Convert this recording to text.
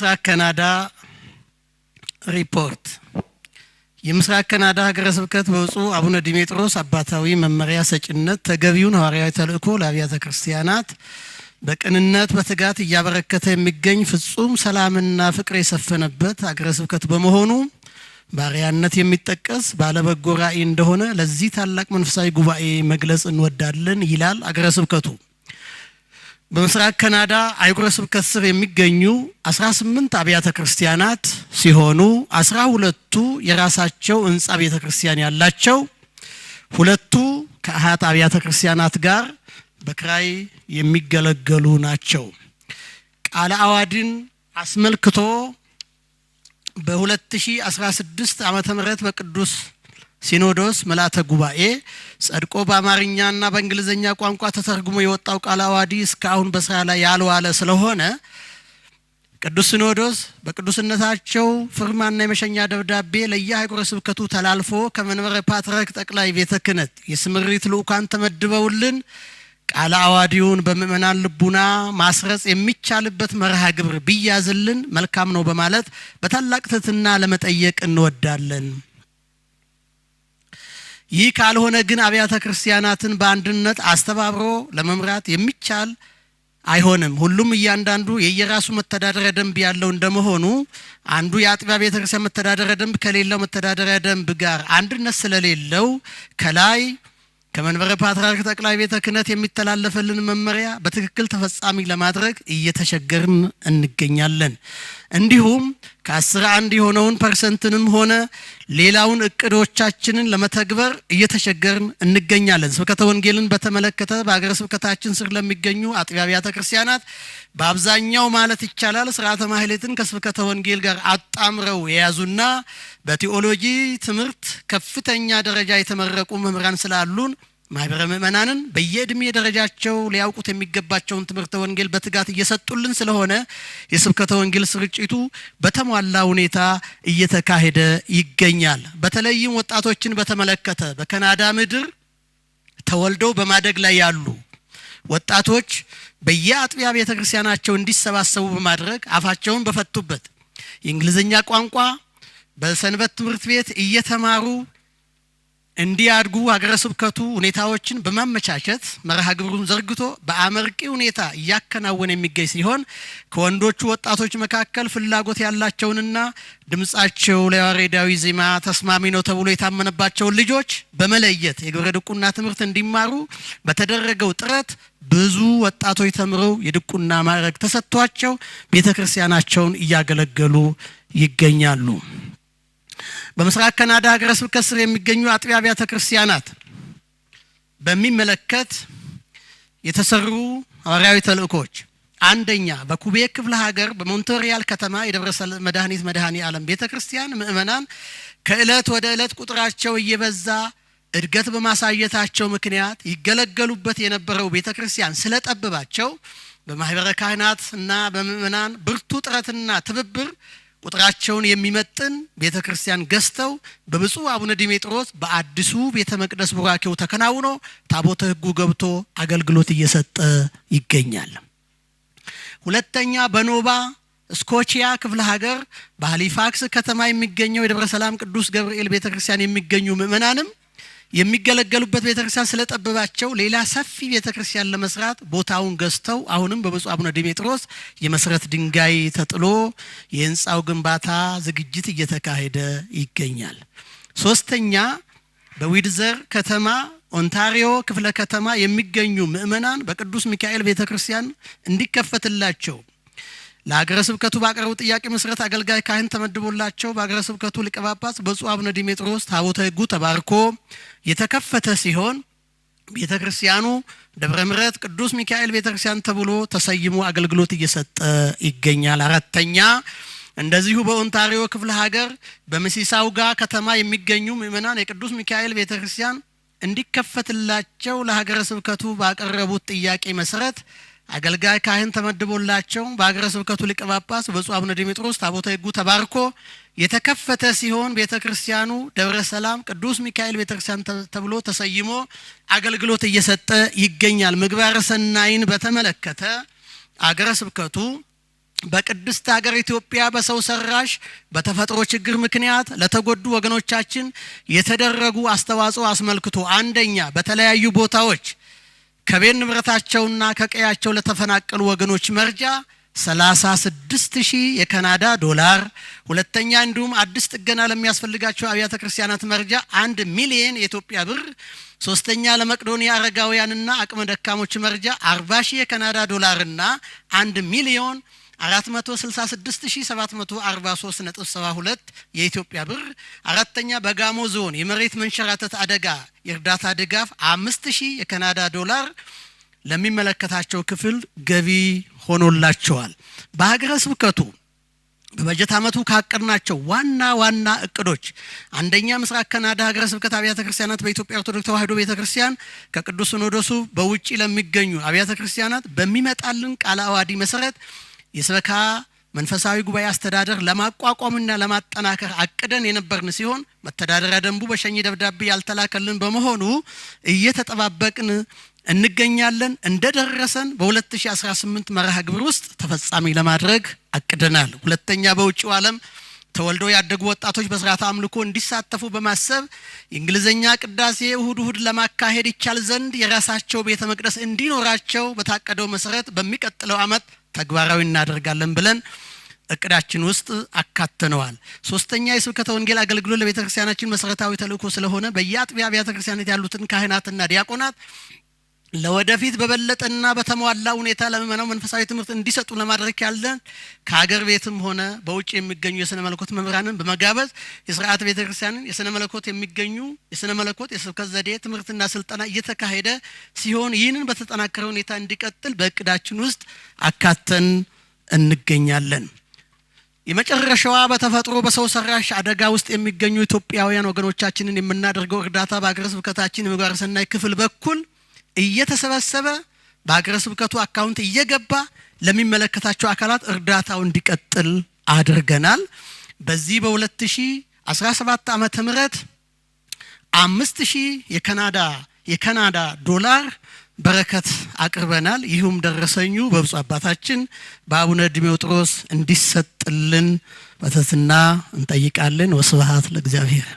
የምስራቅ ካናዳ ሪፖርት የምስራቅ ካናዳ ሀገረ ስብከት በብፁዕ አቡነ ዲሜጥሮስ አባታዊ መመሪያ ሰጭነት ተገቢውን ሐዋርያዊ ተልእኮ ለአብያተ ክርስቲያናት በቅንነት በትጋት እያበረከተ የሚገኝ ፍጹም ሰላምና ፍቅር የሰፈነበት ሀገረ ስብከት በመሆኑ ባሪያነት የሚጠቀስ ባለበጎ ራእይ እንደሆነ ለዚህ ታላቅ መንፈሳዊ ጉባኤ መግለጽ እንወዳለን ይላል አገረ ስብከቱ። በምስራቅ ካናዳ አህጉረ ስብከት ስር የሚገኙ 18 አብያተ ክርስቲያናት ሲሆኑ 12ቱ የራሳቸው ህንፃ ቤተ ክርስቲያን ያላቸው፣ ሁለቱ ከአያት አብያተ ክርስቲያናት ጋር በክራይ የሚገለገሉ ናቸው። ቃለ አዋዲን አስመልክቶ በ2016 ዓመተ ምህረት በቅዱስ ሲኖዶስ መላተ ጉባኤ ጸድቆ በአማርኛና በእንግሊዝኛ ቋንቋ ተተርጉሞ የወጣው ቃለ አዋዲ እስካሁን በስራ ላይ ያልዋለ ስለሆነ ቅዱስ ሲኖዶስ በቅዱስነታቸው ፍርማና የመሸኛ ደብዳቤ ለየአህጉረ ስብከቱ ተላልፎ ከመንበረ ፓትርያርክ ጠቅላይ ቤተ ክህነት የስምሪት ልዑካን ተመድበውልን ቃለ አዋዲውን በምእመናን ልቡና ማስረጽ የሚቻልበት መርሃ ግብር ቢያዝልን መልካም ነው በማለት በታላቅ ትሕትና ለመጠየቅ እንወዳለን። ይህ ካልሆነ ግን አብያተ ክርስቲያናትን በአንድነት አስተባብሮ ለመምራት የሚቻል አይሆንም። ሁሉም እያንዳንዱ የየራሱ መተዳደሪያ ደንብ ያለው እንደመሆኑ አንዱ የአጥቢያ ቤተክርስቲያን መተዳደሪያ ደንብ ከሌላው መተዳደሪያ ደንብ ጋር አንድነት ስለሌለው ከላይ ከመንበረ ፓትርያርክ ጠቅላይ ቤተ ክህነት የሚተላለፈልን መመሪያ በትክክል ተፈጻሚ ለማድረግ እየተቸገርን እንገኛለን። እንዲሁም ከአስር አንድ የሆነውን ፐርሰንትንም ሆነ ሌላውን እቅዶቻችንን ለመተግበር እየተቸገርን እንገኛለን። ስብከተ ወንጌልን በተመለከተ በሀገረ ስብከታችን ስር ለሚገኙ አጥቢያ አብያተ ክርስቲያናት በአብዛኛው ማለት ይቻላል ስርዓተ ማህሌትን ከስብከተ ወንጌል ጋር አጣምረው የያዙና በቴኦሎጂ ትምህርት ከፍተኛ ደረጃ የተመረቁ መምህራን ስላሉን ማህበረ ምእመናንን በየዕድሜ ደረጃቸው ሊያውቁት የሚገባቸውን ትምህርተ ወንጌል በትጋት እየሰጡልን ስለሆነ የስብከተ ወንጌል ስርጭቱ በተሟላ ሁኔታ እየተካሄደ ይገኛል። በተለይም ወጣቶችን በተመለከተ በካናዳ ምድር ተወልደው በማደግ ላይ ያሉ ወጣቶች በየአጥቢያ ቤተ ክርስቲያናቸው እንዲሰባሰቡ በማድረግ አፋቸውን በፈቱበት የእንግሊዝኛ ቋንቋ በሰንበት ትምህርት ቤት እየተማሩ እንዲያድጉ ሀገረ ስብከቱ ሁኔታዎችን በማመቻቸት መርሃ ግብሩን ዘርግቶ በአመርቂ ሁኔታ እያከናወነ የሚገኝ ሲሆን ከወንዶቹ ወጣቶች መካከል ፍላጎት ያላቸውንና ድምጻቸው ለያሬዳዊ ዜማ ተስማሚ ነው ተብሎ የታመነባቸውን ልጆች በመለየት የግብረ ድቁና ትምህርት እንዲማሩ በተደረገው ጥረት ብዙ ወጣቶች ተምረው የድቁና ማዕረግ ተሰጥቷቸው ቤተ ክርስቲያናቸውን እያገለገሉ ይገኛሉ። በምስራቅ ካናዳ ሀገረ ስብከት ስር የሚገኙ አጥቢያ አብያተ ክርስቲያናት በሚመለከት የተሰሩ ሐዋርያዊ ተልእኮች አንደኛ በኩቤ ክፍለ ሀገር በሞንቶሪያል ከተማ የደብረሰ መድኃኒት መድኃኒ ዓለም ቤተ ክርስቲያን ምእመናን ከዕለት ወደ ዕለት ቁጥራቸው እየበዛ እድገት በማሳየታቸው ምክንያት ይገለገሉበት የነበረው ቤተ ክርስቲያን ስለጠበባቸው በማህበረ ካህናት እና በምእመናን ብርቱ ጥረትና ትብብር ቁጥራቸውን የሚመጥን ቤተ ክርስቲያን ገዝተው በብፁዕ አቡነ ዲሜጥሮስ በአዲሱ ቤተ መቅደስ ቡራኬው ተከናውኖ ታቦተ ሕጉ ገብቶ አገልግሎት እየሰጠ ይገኛል። ሁለተኛ በኖባ ስኮቺያ ክፍለ ሀገር በሃሊፋክስ ከተማ የሚገኘው የደብረ ሰላም ቅዱስ ገብርኤል ቤተ ክርስቲያን የሚገኙ ምእመናንም የሚገለገሉበት ቤተክርስቲያን ስለጠበባቸው ሌላ ሰፊ ቤተክርስቲያን ለመስራት ቦታውን ገዝተው አሁንም በብፁዕ አቡነ ዲሜጥሮስ የመሰረት ድንጋይ ተጥሎ የህንፃው ግንባታ ዝግጅት እየተካሄደ ይገኛል። ሶስተኛ በዊድዘር ከተማ ኦንታሪዮ ክፍለ ከተማ የሚገኙ ምእመናን በቅዱስ ሚካኤል ቤተክርስቲያን እንዲከፈትላቸው ለሀገረ ስብከቱ ባቀረቡ ጥያቄ መሰረት አገልጋይ ካህን ተመድቦላቸው በሀገረ ስብከቱ ሊቀ ጳጳስ ብፁዕ አቡነ ዲሜጥሮስ ታቦተ ሕጉ ተባርኮ የተከፈተ ሲሆን ቤተ ክርስቲያኑ ደብረ ምረት ቅዱስ ሚካኤል ቤተ ክርስቲያን ተብሎ ተሰይሞ አገልግሎት እየሰጠ ይገኛል። አራተኛ እንደዚሁ በኦንታሪዮ ክፍለ ሀገር በምሲሳውጋ ከተማ የሚገኙ ምእመናን የቅዱስ ሚካኤል ቤተ ክርስቲያን እንዲከፈትላቸው ለሀገረ ስብከቱ ባቀረቡት ጥያቄ መሰረት አገልጋይ ካህን ተመድቦላቸው በአገረ ስብከቱ ሊቀ ጳጳስ ብፁዕ አቡነ ዲሜጥሮስ ታቦተ ሕጉ ተባርኮ የተከፈተ ሲሆን ቤተ ክርስቲያኑ ደብረ ሰላም ቅዱስ ሚካኤል ቤተ ክርስቲያን ተብሎ ተሰይሞ አገልግሎት እየሰጠ ይገኛል። ምግባረ ሰናይን በተመለከተ አገረ ስብከቱ በቅድስት ሀገር ኢትዮጵያ በሰው ሰራሽ በተፈጥሮ ችግር ምክንያት ለተጎዱ ወገኖቻችን የተደረጉ አስተዋጽኦ አስመልክቶ አንደኛ በተለያዩ ቦታዎች ከቤት ንብረታቸውና ከቀያቸው ለተፈናቀሉ ወገኖች መርጃ 36 ሺህ የካናዳ ዶላር፣ ሁለተኛ እንዲሁም አዲስ ጥገና ለሚያስፈልጋቸው አብያተ ክርስቲያናት መርጃ አንድ ሚሊየን የኢትዮጵያ ብር፣ ሶስተኛ ለመቅዶኒያ አረጋውያንና አቅመ ደካሞች መርጃ 40 ሺህ የካናዳ ዶላርና 1 ሚሊዮን 466743.72 የኢትዮጵያ ብር። አራተኛ በጋሞ ዞን የመሬት መንሸራተት አደጋ የእርዳታ ድጋፍ 5000 የካናዳ ዶላር ለሚመለከታቸው ክፍል ገቢ ሆኖላቸዋል። በሀገረ ስብከቱ በበጀት ዓመቱ ካቀድናቸው ዋና ዋና እቅዶች አንደኛ ምስራቅ ካናዳ ሀገረ ስብከት አብያተ ክርስቲያናት በኢትዮጵያ ኦርቶዶክስ ተዋሕዶ ቤተ ክርስቲያን ከቅዱስ ሲኖዶሱ በውጭ ለሚገኙ አብያተ ክርስቲያናት በሚመጣልን ቃለ አዋዲ መሰረት የስበካ መንፈሳዊ ጉባኤ አስተዳደር ለማቋቋምና ለማጠናከር አቅደን የነበርን ሲሆን መተዳደሪያ ደንቡ በሸኝ ደብዳቤ ያልተላከልን በመሆኑ እየተጠባበቅን እንገኛለን። እንደደረሰን በ2018 መርሃ ግብር ውስጥ ተፈጻሚ ለማድረግ አቅደናል። ሁለተኛ በውጭው ዓለም ተወልደው ያደጉ ወጣቶች በስርዓተ አምልኮ እንዲሳተፉ በማሰብ የእንግሊዝኛ ቅዳሴ እሁድ እሁድ ለማካሄድ ይቻል ዘንድ የራሳቸው ቤተ መቅደስ እንዲኖራቸው በታቀደው መሰረት በሚቀጥለው ዓመት ተግባራዊ እናደርጋለን ብለን እቅዳችን ውስጥ አካተነዋል። ሶስተኛ የስብከተ ወንጌል አገልግሎት ለቤተ ክርስቲያናችን መሰረታዊ ተልእኮ ስለሆነ በየአጥቢያ አብያተ ክርስቲያናት ያሉትን ካህናትና ዲያቆናት ለወደፊት በበለጠና በተሟላ ሁኔታ ለምእመናው መንፈሳዊ ትምህርት እንዲሰጡ ለማድረግ ያለን ከሀገር ቤትም ሆነ በውጭ የሚገኙ የስነ መለኮት መምህራንን በመጋበዝ የስርዓት ቤተ ክርስቲያንን የስነ መለኮት የሚገኙ የስነ መለኮት የስብከት ዘዴ ትምህርትና ስልጠና እየተካሄደ ሲሆን ይህንን በተጠናከረ ሁኔታ እንዲቀጥል በእቅዳችን ውስጥ አካተን እንገኛለን። የመጨረሻዋ በተፈጥሮ በሰው ሰራሽ አደጋ ውስጥ የሚገኙ ኢትዮጵያውያን ወገኖቻችንን የምናደርገው እርዳታ በሀገረ ስብከታችን የምግባረ ሰናይ ክፍል በኩል እየተሰበሰበ በሀገረ ስብከቱ አካውንት እየገባ ለሚመለከታቸው አካላት እርዳታው እንዲቀጥል አድርገናል። በዚህ በ2017 ዓ ምህረት አምስት ሺህ የካናዳ የካናዳ ዶላር በረከት አቅርበናል። ይህም ደረሰኙ በብፁ አባታችን በአቡነ ድሜውጥሮስ እንዲሰጥልን በተትና እንጠይቃለን። ወስብሐት ለእግዚአብሔር።